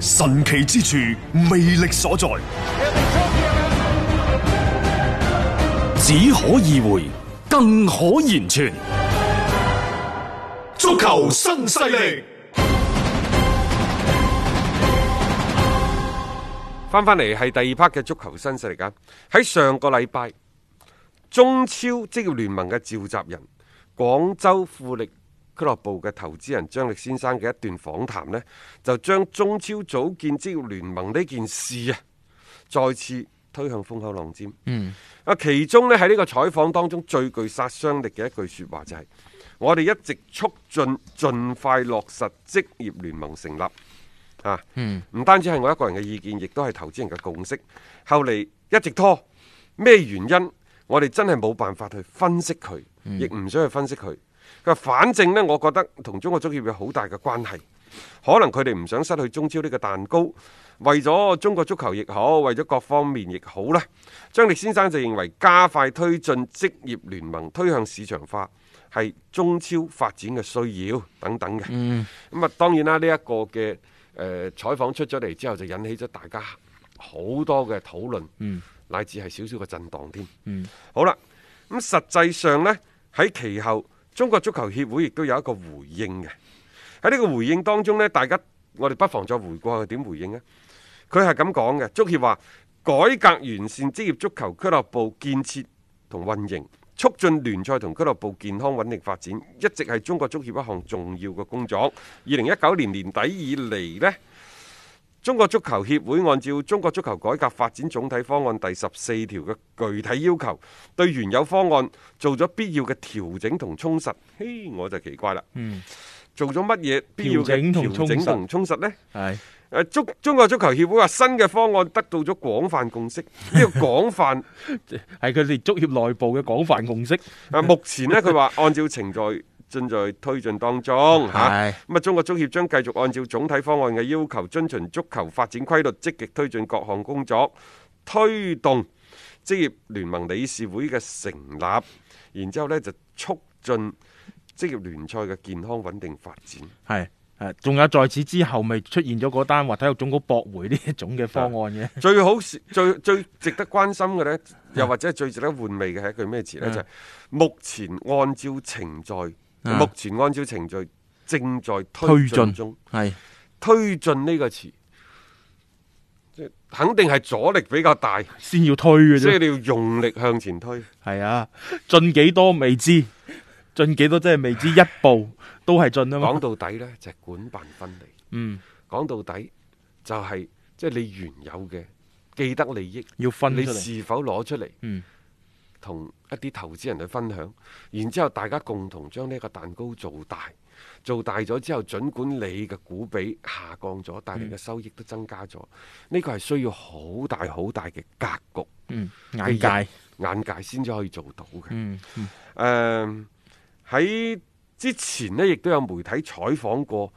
神奇之處，魅力所在， 只可意會，更可言傳。足球新勢力，翻翻嚟係第二 part 嘅足球新勢力啊！喺上個禮拜，中超職業聯盟嘅召集人廣州富力俱樂部嘅投資人張力先生嘅一段訪談呢，就將中超組建職業聯盟呢件事啊，再次推向風口浪尖。嗯，啊，其中呢，喺呢個採訪當中最具殺傷力嘅一句說話就係：我哋一直促進盡快落實職業聯盟成立啊。唔單止係我一個人嘅意見，亦都係投資人嘅共識。後嚟一直拖，咩原因？我哋真係冇辦法去分析佢，嗯，亦唔想去分析佢。佢反正呢，我覺得同中國足協有好大嘅關係，可能佢哋唔想失去中超呢個蛋糕，為咗中國足球亦好，為咗各方面亦好啦。張力先生就認為加快推進職業聯盟推向市場化係中超發展嘅需要等等嘅。咁啊、嗯，當然啦，呢、這、一個嘅誒、呃、採訪出咗嚟之後，就引起咗大家好多嘅討論，嗯、乃至係少少嘅震盪添。嗯，好啦，咁實際上呢，喺其後。中國足球協會亦都有一個回應嘅，喺呢個回應當中咧，大家我哋不妨再回過去點回應咧？佢係咁講嘅，足協話改革完善職業足球俱樂部建設同運營，促進聯賽同俱樂部健康穩定發展，一直係中國足協一項重要嘅工作。二零一九年年底以嚟咧。中國足球協會按照中國足球改革發展總體方案第十四條嘅具體要求，對原有方案做咗必要嘅調整同充實。嘿，我就奇怪啦，嗯，做咗乜嘢必要嘅調整同充實呢？係誒，足中國足球協會話新嘅方案得到咗廣泛共識，呢個廣泛係佢哋足協內部嘅廣泛共識。啊，目前呢佢話按照程序。正在推進當中嚇，咁是啊，中國足協將繼續按照總體方案嘅要求，遵循足球發展規律，積極推進各項工作，推動職業聯盟理事會嘅成立，然之後呢，就促進職業聯賽嘅健康穩定發展。係，誒，仲有在此之後，咪出現咗嗰單話體育總局駁回呢一種嘅方案嘅是 。最好最最值得關心嘅呢，又或者最值得玩味嘅係一句咩詞呢？是是就係、是、目前按照程序。啊、目前按照程序正在推進中，係推進呢個詞，即肯定係阻力比較大，先要推嘅，即係你要用力向前推。係啊，進幾多未知，進幾多即係未知，唉一步都係進啊！講到底呢，就係、是、管辦分離。嗯，講到底就係即係你原有嘅既得利益要分，你是否攞出嚟？嗯。同一啲投資人去分享，然之後大家共同將呢個蛋糕做大，做大咗之後，儘管你嘅股比下降咗，但你嘅收益都增加咗。呢、嗯、個係需要好大好大嘅格局、嗯、人眼界、眼界先至可以做到嘅。誒喺、嗯嗯 uh, 之前呢，亦都有媒體採訪過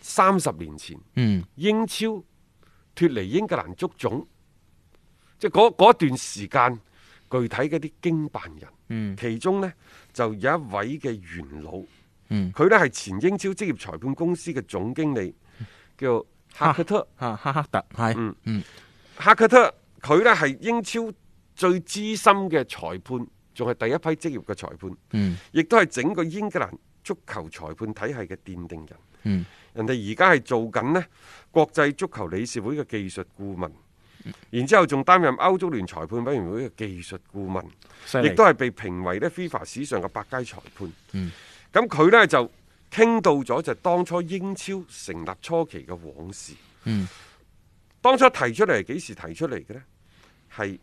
三十年前，嗯、英超脫離英格蘭足總，即係嗰段時間。具體嗰啲經辦人，嗯，其中呢，就有一位嘅元老，嗯，佢呢係前英超職業裁判公司嘅總經理，叫哈，哈克特，哈克特係，嗯嗯，哈克特佢呢係英超最資深嘅裁判，仲係第一批職業嘅裁判，嗯，亦都係整個英格蘭足球裁判體系嘅奠定人，嗯，嗯人哋而家係做緊呢國際足球理事會嘅技術顧問。然之後仲擔任歐洲聯裁判委員會嘅技術顧問，害亦都係被評為咧 FIFA 史上嘅百佳裁判。咁佢、嗯、呢就傾到咗就當初英超成立初期嘅往事。嗯、當初提出嚟係幾時提出嚟嘅呢？係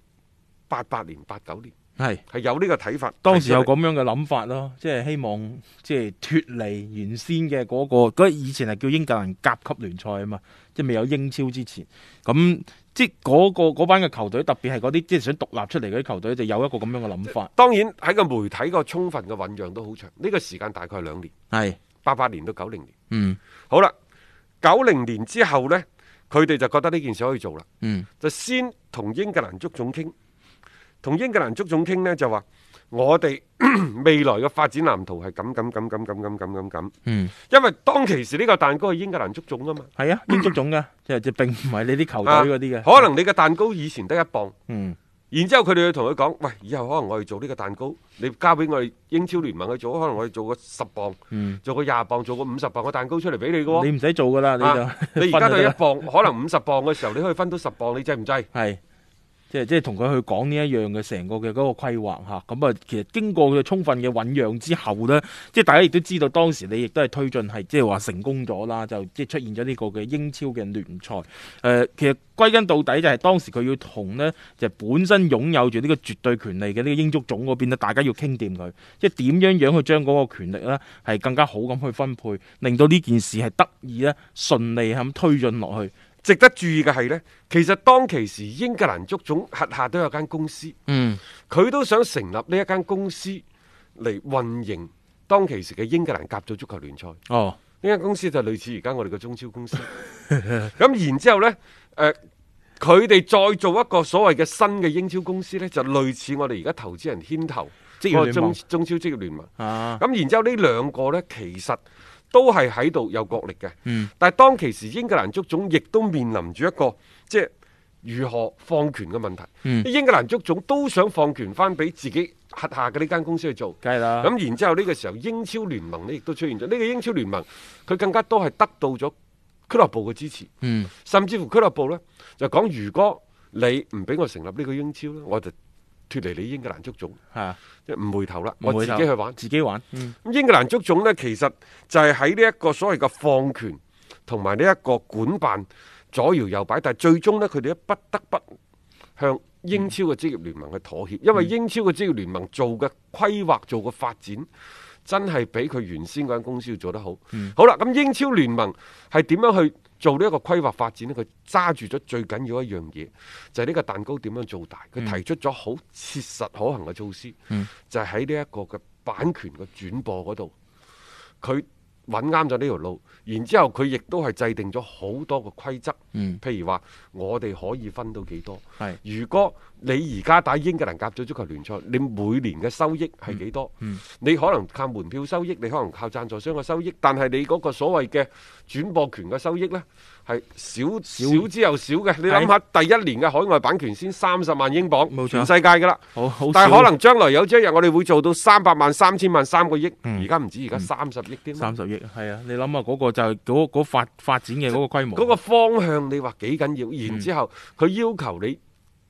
八八年八九年。係係有呢個睇法，當時有咁樣嘅諗法咯，即係希望即係脱離原先嘅嗰個，嗰以前係叫英格蘭甲級聯賽啊嘛，即係未有英超之前，咁即係嗰個嗰班嘅球隊，特別係嗰啲即係想獨立出嚟嗰啲球隊，就有一個咁樣嘅諗法。當然喺個媒體個充分嘅醞釀都好長，呢個時間大概兩年，係八八年到九零年。嗯，好啦，九零年之後呢，佢哋就覺得呢件事可以做啦。嗯，就先同英格蘭足總傾。同英格蘭足總傾咧就話，我哋未來嘅發展藍圖係咁咁咁咁咁咁咁咁咁咁。嗯，因為當其時呢個蛋糕係英格蘭足總啊嘛。係啊，英足總噶，即係即係並唔係你啲球隊嗰啲嘅。可能你嘅蛋糕以前得一磅。嗯。然之後佢哋去同佢講，喂，以後可能我哋做呢個蛋糕，你交俾我哋英超聯盟去做，可能我哋做個十磅，做個廿磅，做個五十磅嘅蛋糕出嚟俾你嘅喎。你唔使做㗎啦，你就你而家得一磅，可能五十磅嘅時候你可以分到十磅，你制唔制？係。即係同佢去講呢一樣嘅成個嘅嗰個規劃吓，咁啊其實經過佢充分嘅醖釀之後咧，即係大家亦都知道當時你亦都係推進係即係話成功咗啦，就即係出現咗呢個嘅英超嘅聯賽。誒、呃，其實歸根到底就係當時佢要同咧就是、本身擁有住呢個絕對權力嘅呢個英足總嗰邊，大家要傾掂佢，即係點樣樣去將嗰個權力咧係更加好咁去分配，令到呢件事係得以咧順利咁推進落去。值得注意嘅係呢，其實當其時英格蘭足總轄下都有間公司，佢、嗯、都想成立呢一間公司嚟運營當其時嘅英格蘭甲組足球聯賽。哦，呢間公司就類似而家我哋嘅中超公司。咁、 嗯、然之後咧，誒、呃，佢哋再做一個所謂嘅新嘅英超公司呢就類似我哋而家投資人牽頭即係、就是、中中超職業聯盟。咁然之後呢兩個呢，其實。都係喺度有角力嘅，嗯、但係當其時英格蘭足總亦都面臨住一個即係、就是、如何放權嘅問題。嗯、英格蘭足總都想放權翻俾自己轄下嘅呢間公司去做，咁然之、啊、後呢個時候英超聯盟呢亦都出現咗。呢、這個英超聯盟佢更加多係得到咗俱樂部嘅支持，嗯、甚至乎俱樂部呢就講，如果你唔俾我成立呢個英超呢，我就。脫離你英格蘭足總，啊、即唔回頭啦，頭，我自己去玩，自己玩。嗯、英格蘭足總呢，其實就係喺呢一個所謂嘅放權同埋呢一個管辦左搖右擺，但係最終呢，佢哋不得不向英超嘅職業聯盟去妥協，嗯、因為英超嘅職業聯盟做嘅規劃，做嘅發展，真係比佢原先嗰間公司做得好。嗯、好啦，咁英超聯盟係點樣去，做呢一個規劃發展咧，佢揸住咗最緊要一樣嘢，就係、是、呢個蛋糕點樣做大。佢提出咗好切實可行嘅措施，嗯、就係喺呢一個嘅版權嘅轉播嗰度，佢揾啱咗呢條路。然之後佢亦都係制定咗好多嘅規則，嗯、譬如話我哋可以分到幾多。如果。你而家打英格蘭甲組足球聯賽，你每年嘅收益係幾多？嗯嗯、你可能靠門票收益，你可能靠贊助商嘅收益，但係你嗰個所謂嘅轉播權嘅收益呢，係少少之又少嘅。你諗下，第一年嘅海外版權先三十萬英鎊冇錯全世界噶啦。啊、但係可能將來有朝一日，我哋會做到三百萬、三千萬、三個億。嗯、億而家唔止而家三十億添。三十、嗯嗯、億，係啊！你諗下嗰個就係嗰嗰發展嘅嗰個規模，嗰個方向你話幾緊要？然之後佢、嗯、要求你。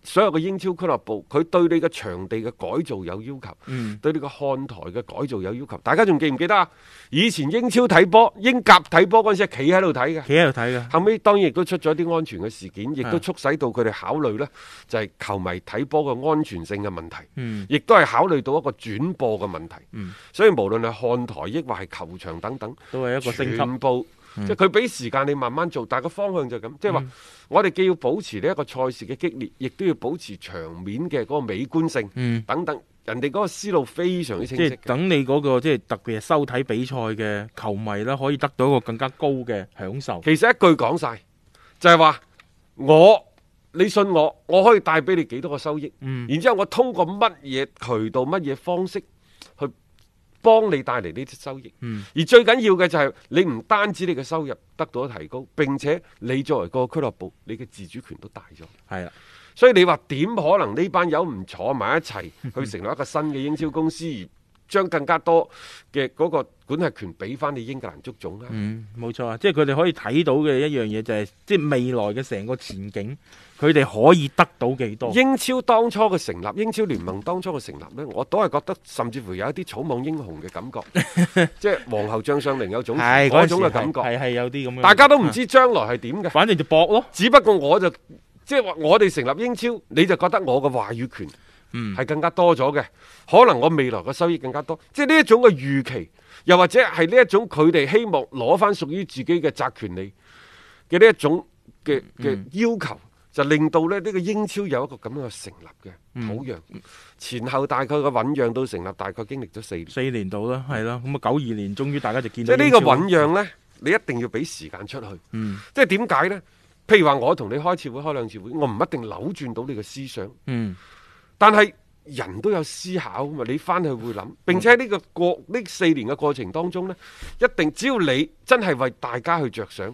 所有嘅英超俱樂部，佢對你嘅場地嘅改造有要求，嗯、對你嘅看台嘅改造有要求。大家仲記唔記得啊？以前英超睇波，英甲睇波嗰陣時，係企喺度睇嘅，企喺度睇嘅。後尾當然亦都出咗啲安全嘅事件，亦都促使到佢哋考慮呢就係、是、球迷睇波嘅安全性嘅問題，亦、嗯、都係考慮到一個轉播嘅問題。嗯、所以無論係看台抑或係球場等等，都係一個升級。嗯、即係佢俾時間你慢慢做，但係個方向就係咁，即係話我哋既要保持呢一個賽事嘅激烈，亦都要保持場面嘅嗰個美觀性、嗯、等等。人哋嗰個思路非常之清晰，即、那個。即係等你嗰個即係特別係收睇比賽嘅球迷啦，可以得到一個更加高嘅享受。其實一句講晒就係、是、話我，你信我，我可以帶俾你幾多個收益。嗯、然之後我通過乜嘢渠道、乜嘢方式？幫你帶嚟呢啲收益，嗯、而最緊要嘅就係你唔單止你嘅收入得到提高，並且你作為個俱樂部，你嘅自主權都大咗。係啊，所以你話點可能呢班友唔坐埋一齊 去成立一個新嘅英超公司？ 將更加多嘅嗰個管轄權俾翻你英格蘭足總啦，嗯，冇錯啊，即係佢哋可以睇到嘅一樣嘢就係、是，即係未來嘅成個前景，佢哋可以得到幾多？英超當初嘅成立，英超聯盟當初嘅成立呢，我都係覺得甚至乎有一啲草莽英雄嘅感覺， 即係王侯將相寧有種嗰 種嘅感覺，係係有啲咁，大家都唔知將來係點嘅，反正就搏咯。只不過我就即係話我哋成立英超，你就覺得我嘅話語權。嗯，係更加多咗嘅，可能我未來嘅收益更加多，即係呢一種嘅預期，又或者係呢一種佢哋希望攞翻屬於自己嘅責權利嘅呢一種嘅嘅、嗯、要求，就令到呢呢個英超有一個咁樣嘅成立嘅土壤，嗯、前後大概嘅醞釀到成立大概經歷咗四四年到啦，係咯，咁啊九二年終於大家就見到。即係呢個醞釀呢，嗯、你一定要俾時間出去，即係點解呢？譬如話我同你開次會，開兩次會，我唔一定扭轉到你嘅思想。嗯。但係人都有思考嘛，你翻去會諗。並且呢個過呢四年嘅過程當中咧，一定只要你真係為大家去着想，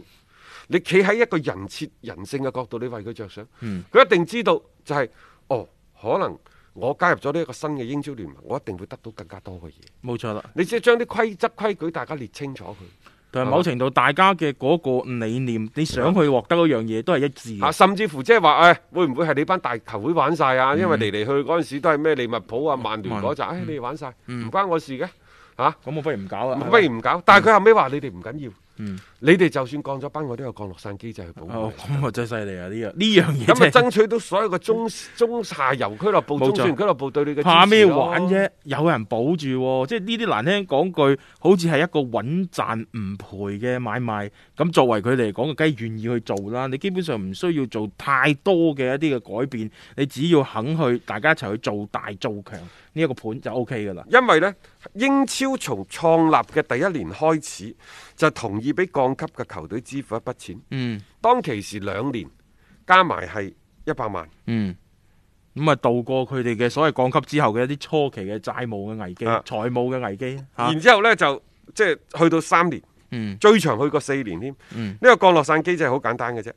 你企喺一個人設人性嘅角度，你為佢着想，佢、嗯、一定知道就係、是、哦，可能我加入咗呢一個新嘅英超聯盟，我一定會得到更加多嘅嘢。冇錯啦，你只要將啲規則規矩大家列清楚佢。但係某程度，大家嘅嗰個理念，你想去獲得嗰樣嘢都係一致。啊，甚至乎即係話，誒、哎，會唔會係你班大球會玩晒啊？嗯、因為嚟嚟去去，嗰陣時都係咩利物浦啊、曼聯嗰集，誒、嗯哎，你哋玩晒，唔、嗯、關我事嘅，吓、啊，嗯、咁我不如唔搞啊，不如唔搞。吧但係佢後尾話、嗯、你哋唔緊要。嗯，你哋就算降咗班，我都有降落傘機制去保。咁我真犀利啊！呢樣呢樣嘢，咁啊爭取到所有個中、嗯、中下游俱樂部、錯中端俱樂部對你嘅支持怕咩玩啫？啊、有人保住、啊，即係呢啲難聽講句，好似係一個穩賺唔賠嘅買賣。咁作為佢哋嚟講，佢梗係願意去做啦。你基本上唔需要做太多嘅一啲嘅改變，你只要肯去，大家一齊去做大做強。呢一個盤就 O K 嘅啦，因為呢，英超從創立嘅第一年開始就同意俾降級嘅球隊支付一筆錢。嗯，當其時兩年加埋係一百萬。嗯，咁啊渡過佢哋嘅所謂降級之後嘅一啲初期嘅債務嘅危機、啊、財務嘅危機。啊、然之後呢，就即係去到三年。嗯，最長去過四年添。呢、嗯、個降落傘機真係好簡單嘅啫，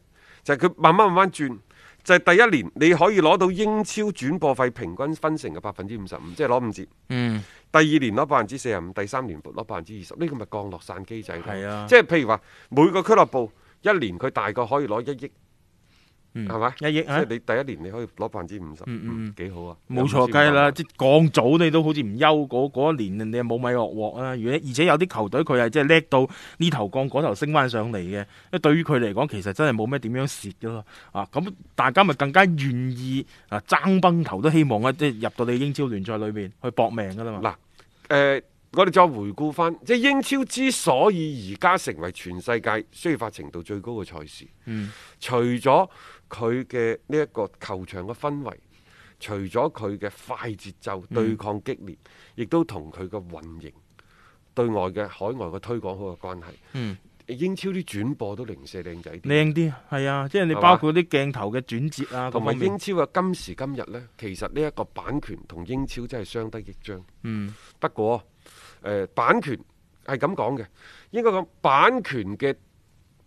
就係、是、佢慢慢慢慢轉。就係第一年你可以攞到英超轉播費平均分成嘅百分之五十五，即係攞五折。嗯，第二年攞百分之四十五，第三年攞百分之二十，呢、呢個咪降落傘機制。即係、啊、譬如話每個俱樂部一年佢大概可以攞一億。係嘛，一億、嗯嗯、即係你第一年你可以攞百分之五十，嗯幾好啊！冇、嗯、錯，梗係啦，即係降咗你都好似唔休嗰一、嗯、年，你又冇米落鑊啦、啊。而且而且有啲球隊佢係即係叻到呢頭降嗰頭升翻上嚟嘅，即係對於佢嚟講，其實真係冇咩點樣蝕噶咯。啊，咁、嗯、大家咪更加願意啊爭崩頭都希望即係入到你英超聯賽裏面去搏命噶啦嘛。嗱，誒、呃，我哋再回顧翻，即係英超之所以而家成為全世界商業化程度最高嘅賽事，嗯、除咗。佢嘅呢一個球場嘅氛圍，除咗佢嘅快節奏、對抗激烈，亦都同佢嘅運營、對外嘅海外嘅推廣好有關係。嗯，英超啲轉播都零舍靚仔啲。靚啲，係啊，即係你包括啲鏡頭嘅轉折啊，同埋英超嘅今時今日呢，其實呢一個版權同英超真係相得益彰。嗯，不過誒版權係咁講嘅，應該講版權嘅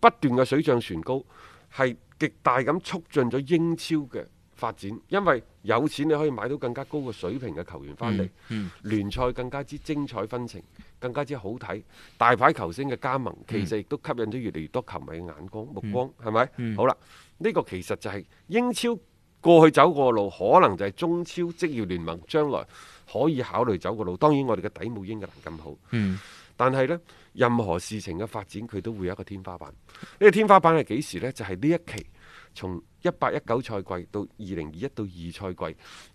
不斷嘅水漲船高。係極大咁促進咗英超嘅發展，因為有錢你可以買到更加高嘅水平嘅球員翻嚟，嗯嗯、聯賽更加之精彩紛呈，更加之好睇。大牌球星嘅加盟，嗯、其實亦都吸引咗越嚟越多球迷嘅眼光、目光，係咪？好啦，呢個其實就係英超過去走過嘅路，可能就係中超職業聯盟將來，可以考慮走個路，當然我哋嘅底冇英格蘭咁好，嗯、但係呢，任何事情嘅發展佢都會有一個天花板。呢、這個天花板係幾時呢？就係、是、呢一期，從一八一九賽季到二零二一到二賽季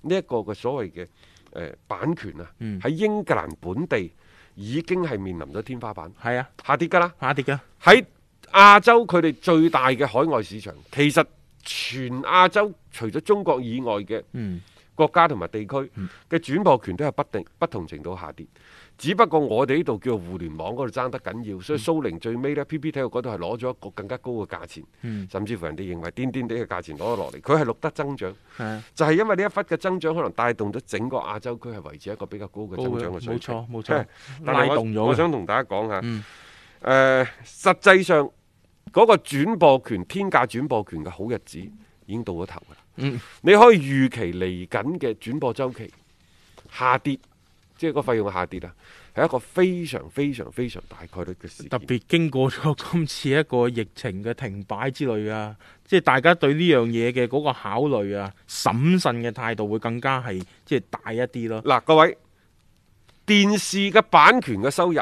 呢一、這個嘅所謂嘅誒、呃、版權啊，喺、嗯、英格蘭本地已經係面臨咗天花板。係啊，下跌噶啦，下跌噶。喺亞洲佢哋最大嘅海外市場，其實全亞洲除咗中國以外嘅，嗯。國家同埋地區嘅轉播權都係不定不同程度下跌。嗯、只不過我哋呢度叫互聯網嗰度爭得緊要，所以蘇寧最尾呢 PP 體育嗰度係攞咗一個更加高嘅價錢，嗯、甚至乎人哋認為癲癲地嘅價錢攞得落嚟，佢係錄得增長，是啊、就係因為呢一忽嘅增長可能帶動咗整個亞洲區係維持一個比較高嘅增長嘅水平。冇錯，冇錯， 但是我 拉動咗。我想同大家講下，誒、嗯呃，實際上嗰、那個轉播權天價轉播權嘅好日子。已經到咗頭噶啦，嗯、你可以預期嚟緊嘅轉播週期下跌，即係個費用下跌啊，係一個非常非常非常大概率嘅事。特別經過咗今次一個疫情嘅停擺之類啊，即係大家對呢樣嘢嘅嗰個考慮啊、審慎嘅態度會更加係即係大一啲咯。嗱、啊，各位電視嘅版權嘅收入，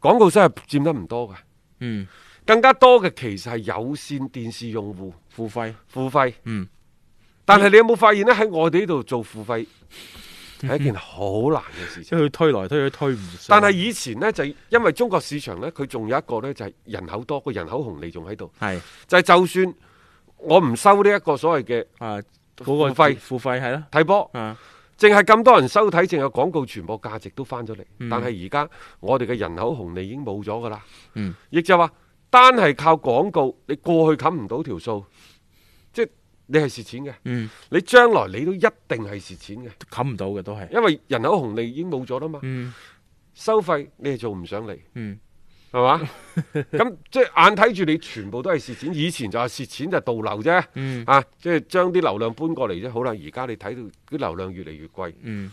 廣告收入佔得唔多㗎，嗯。更加多嘅其實係有線電視用戶付費，付費費，嗯，但係你有冇發現呢？喺、嗯、我哋呢度做付費係一件好難嘅事情，即佢推來推去推唔。但係以前呢，就因為中國市場呢，佢仲有一個呢，就係、是、人口多，個人口紅利仲喺度，係是就係就算我唔收呢一個所謂嘅啊，那個、付費付費係咯，睇波，嗯、啊，淨係咁多人收睇，淨係廣告傳播價值都翻咗嚟。嗯、但係而家我哋嘅人口紅利已經冇咗噶啦，亦、嗯、就係話。單係靠廣告，你過去冚唔到條數，即係你係蝕錢嘅。嗯，你將來你都一定係蝕錢嘅，冚唔到嘅都係。因為人口紅利已經冇咗啦嘛。嗯，收費你係做唔上嚟。嗯，係嘛？咁即係眼睇住你全部都係蝕錢。以前就係蝕錢就倒流啫。嗯，啊，即係將啲流量搬過嚟啫。好啦，而家你睇到啲流量越嚟越貴。嗯。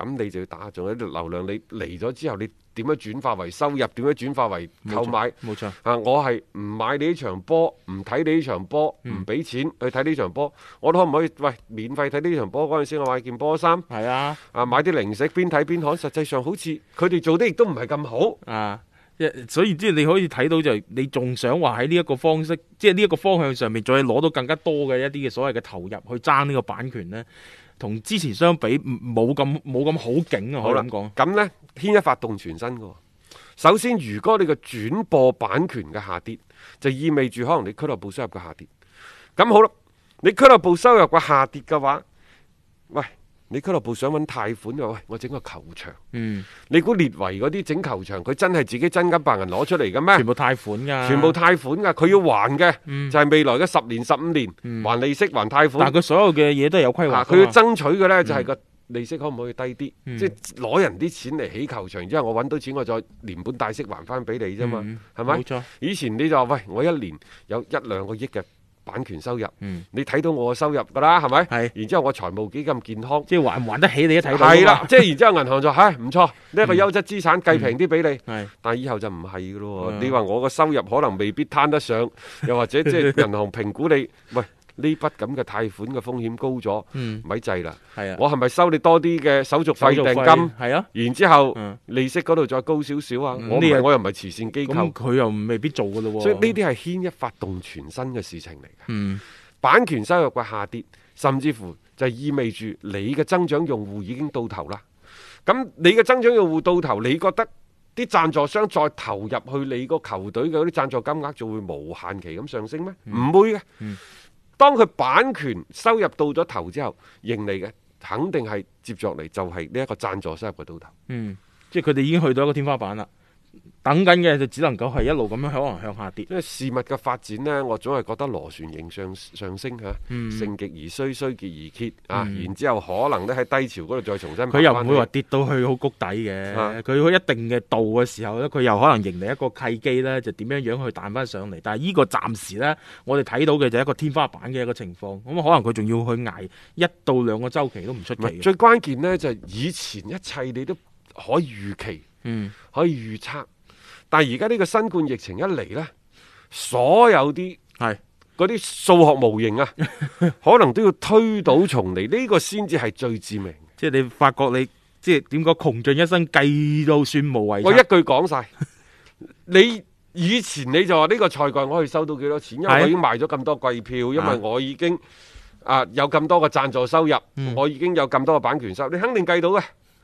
咁你就要打中呢啲流量，你嚟咗之後，你點樣轉化為收入？點樣轉化為購買？冇錯，嚇、啊、我係唔買你呢場波，唔睇你呢場波，唔俾錢去睇呢場波。嗯、我都可唔可以喂免費睇呢場波？嗰陣時我買件波衫，係啊，啊買啲零食邊睇邊行。實際上好似佢哋做的亦都唔係咁好啊。所以即係你可以睇到就你仲想話喺呢一個方式，即係呢一個方向上面再攞到更加多嘅一啲嘅所謂嘅投入去爭呢個版權呢。同之前相比冇咁冇咁好景啊，可以咁講。咁呢牽一發動全身嘅。首先，如果你個轉播版權嘅下跌，就意味住可能你俱樂部收入嘅下跌。咁好啦，你俱樂部收入嘅下跌嘅話，喂。你俱樂部想揾貸款嘅，喂，我整個球場。嗯，你估列維嗰啲整球場，佢真係自己真金白銀攞出嚟嘅咩？全部貸款㗎、啊，全部貸款㗎、啊，佢要還嘅，嗯、就係未來嘅十年十五年、嗯、還利息還貸款。但佢所有嘅嘢都有規劃，佢、啊、要爭取嘅呢，就係、是、個利息可唔可以低啲，即係攞人啲錢嚟起球場，之後我揾到錢我再連本帶息還翻俾你啫嘛，係咪、嗯？冇錯。以前你就話，喂，我一年有一兩個億嘅。版權收入，嗯，你睇到我嘅收入噶啦，係咪？係是，然之後我財務幾咁健康，即係還還得起你一，你都睇到。係啦，即係然之後銀行就唉，哎，唔錯，呢一個優質資產計平啲俾你。嗯、但係以後就唔係噶咯。嗯、你話我個收入可能未必攤得上，又或者即係銀行評估你 喂。呢筆咁嘅貸款嘅風險高咗，咪制啦。我係咪收你多啲嘅手續費定金？係啊。然之後利息嗰度再高少少啊。我我又唔係慈善機構，佢又未必做噶咯喎。所以呢啲係牽一發動全身嘅事情嚟嘅。版權收入嘅下跌，甚至乎就意味住你嘅增長用戶已經到頭啦。咁你嘅增長用戶到頭，你覺得啲贊助商再投入去你個球隊嘅嗰啲贊助金額就會無限期咁上升咩？唔會嘅。當佢版權收入到咗頭之後，盈利嘅肯定係接落嚟就係呢一個贊助收入嘅到頭，嗯，即係佢哋已經去到一個天花板啦。等緊嘅就只能夠係一路咁樣可能向下跌，因為事物嘅發展呢，我總係覺得螺旋形上上升吓、啊，嗯、盛極而衰，衰極而竭啊。嗯、然之後可能呢，喺低潮嗰度再重新，重新，重新，佢又唔會話跌到去好谷底嘅，佢去、啊、一定嘅度嘅時候呢，佢又可能迎嚟一個契機呢，就點樣樣去彈翻上嚟。但係呢個暫時呢，我哋睇到嘅就係一個天花板嘅一個情況，咁、嗯、可能佢仲要去挨一到兩個週期都唔出奇、嗯。最關鍵呢，就以前一切你都可以預期。嗯嗯，可以預測，但係而家呢個新冠疫情一嚟呢，所有啲係嗰啲數學模型啊， 可能都要推倒重嚟。呢、這個先至係最致命，即係你發覺你即係點講，窮盡一生計到算，算無遺。我一句講晒， 你以前你就話呢個賽季我可以收到幾多錢，因為我已經賣咗咁多季票，啊、因為我已經啊有咁多嘅贊助收入，嗯、我已經有咁多嘅版權收入，你肯定計到嘅。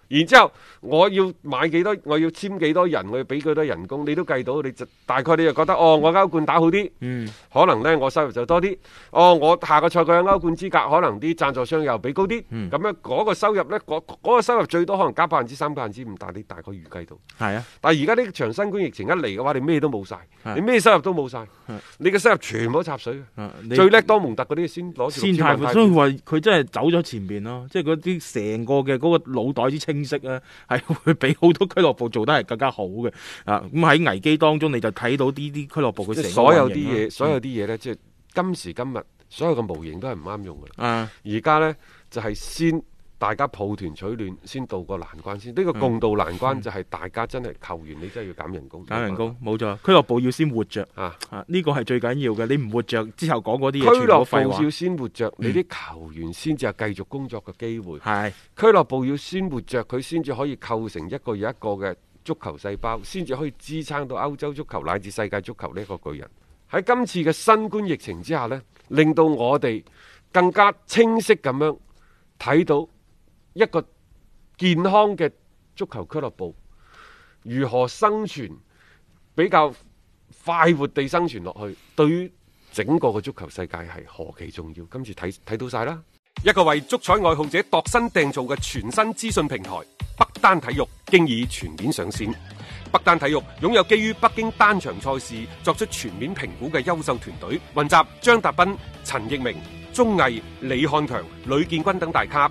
然之後我，我要買幾多？我要簽幾多人？我要俾幾多人工？你都計到，你就大概你就覺得哦，我歐冠打好啲，嗯、可能咧我收入就多啲。哦，我下個賽季有歐冠資格，可能啲贊助商又俾高啲。咁、嗯、樣嗰、嗰個收入咧，嗰、嗰個收入最多可能加百分之三、百分之五，但係你大概預計到。係啊，但係而家呢場新冠疫情一嚟嘅話，你咩都冇晒，你咩收入都冇晒，啊、你嘅收入全部插水。啊、最叻多蒙特嗰啲、啊、先攞住。先所以話佢真係走咗前邊咯，即係嗰啲成個嘅嗰、嗰個腦袋分析咧，係會比好多俱樂部做得係更加好嘅啊。咁喺危機當中，你就睇到呢啲俱樂部嘅所有啲嘢，所有啲嘢咧，即係今時今日，所有嘅模型都係唔啱用嘅。啊，而家咧就係先。大家抱團取暖，先渡過難關先。呢、這個共渡難關就係大家真係球員，嗯、你真係要減人工，減人工冇錯。俱樂部要先活着，啊！呢、啊這個係最緊要嘅。你唔活着，之後講嗰啲嘢，俱樂部要先活着，嗯、你啲球員先至係繼續工作嘅機會。係俱樂部要先活着，佢先至可以構成一個有一個嘅足球細胞，先至可以支撐到歐洲足球乃至世界足球呢個巨人。喺今次嘅新冠疫情之下咧，令到我哋更加清晰咁樣睇到。一個健康嘅足球俱樂部如何生存，比較快活地生存落去，對於整個嘅足球世界係何其重要。跟住睇睇到晒啦，一個為足彩愛好者度身訂造嘅全新資訊平台北單體育，經已全面上線。北單體育擁有基於北京單場賽事作出全面評估嘅優秀團隊，雲集張達斌、陳奕明、鍾毅、李漢強、呂建軍等大咖。